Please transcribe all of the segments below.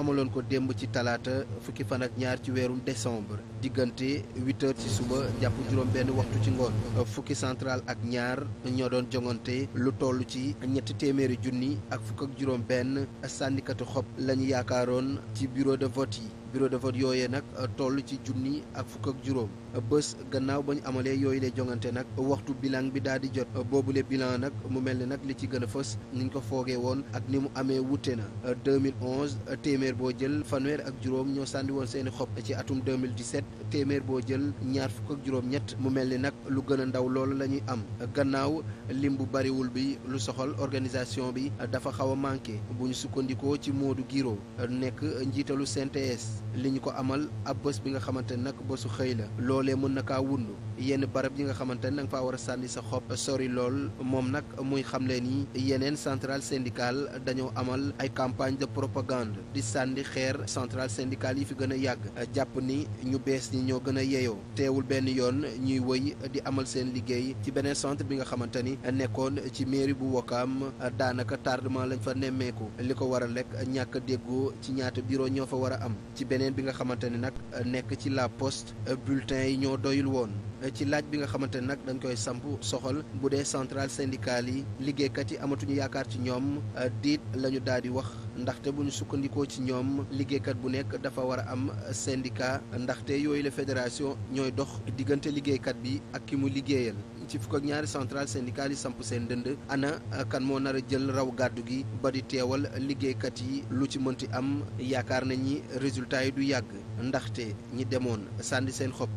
amaloon ko démb ci talaata fukki fan ak ñaar ci weerum décembre diggante huit heures ci suba jàpp juróom benn waxtu ci ngoon fukki central ak ñaar ñoo doon jongante lu toll ci ñett téeméeri junni ak fukk ak juróom benn sànnikatu xob lañu yaakaaroon ci bureau de vote yi bureau de vote yooyee nag euh, toll ci junni ak fukk ak juróom bés gannaaw ba ñu amalee yooyu lay jongante nag waxtu bilan bi daal di jot boobule bilan nag mu mel ni nag li ci gën a fës ñu ko foogee woon ak ni mu amee wute na 2011 téeméer boo jël fanweer ak juróom ñoo sànni woon seeni xob ci atum 2017 téeméer boo jël ñaar fukk ak juróom-ñett mu mel ni nag lu gën a ndaw loolu la ñuy am gannaaw lim bu bariwul bi lu soxal organisation bi dafa xaw a manqué bu ñu sukkandikoo ci Modou Guiro nekk njiitalu CNTS. li ñu ko amal ab bés bi nga xamante ne nag bésu xëy la loolee mën na kaa wund yenn barab yi nga xamante ne da faa war a sànni sa xob sori lool moom nag muy xamle ni yeneen centrale syndicale dañoo amal ay campagne de propagande di sànni xeer central syndicale yi fi gën a yàgg jàpp ni ñu bees ñi ñoo gën a yeyoo teewul benn yoon ñuy wëy di amal seen liggéey ci beneen centre bi nga xamante ni nekkoon ci mairie bu Wakaam daanaka tardement lañ fa nemmeeku li ko war a lekk ñàkk déggoo ci ñaata bureau ñoo fa war a am beneen bi nga xamante ne nag euh, nekk ci la poste euh, bulletin yi ñoo doyul woon euh, ci laaj bi nga xamante ne nag dañ koy samp soxal bu dee centrale syndicale yi liggéeykat yi amatuñu yaakaar ci ñoom diit la ñu daal di wax ndaxte bu ñu sukkandikoo ci ñoom liggéeykat bu nekk dafa war a am syndicat ndaxte yooyu la fédération ñooy dox diggante liggéeykat bi ak ki mu liggéeyal ci fukk ak ñaari central syndical yi samp seen dënd ana euh, kan moo nar a jël raw gàddu gi ba di teewal liggéeykat yi lu ci mënti am yaakaar nañ ñi résultat yi du yàgg ndaxte ñi demoon sànni seen xob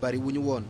bari wu ñu woon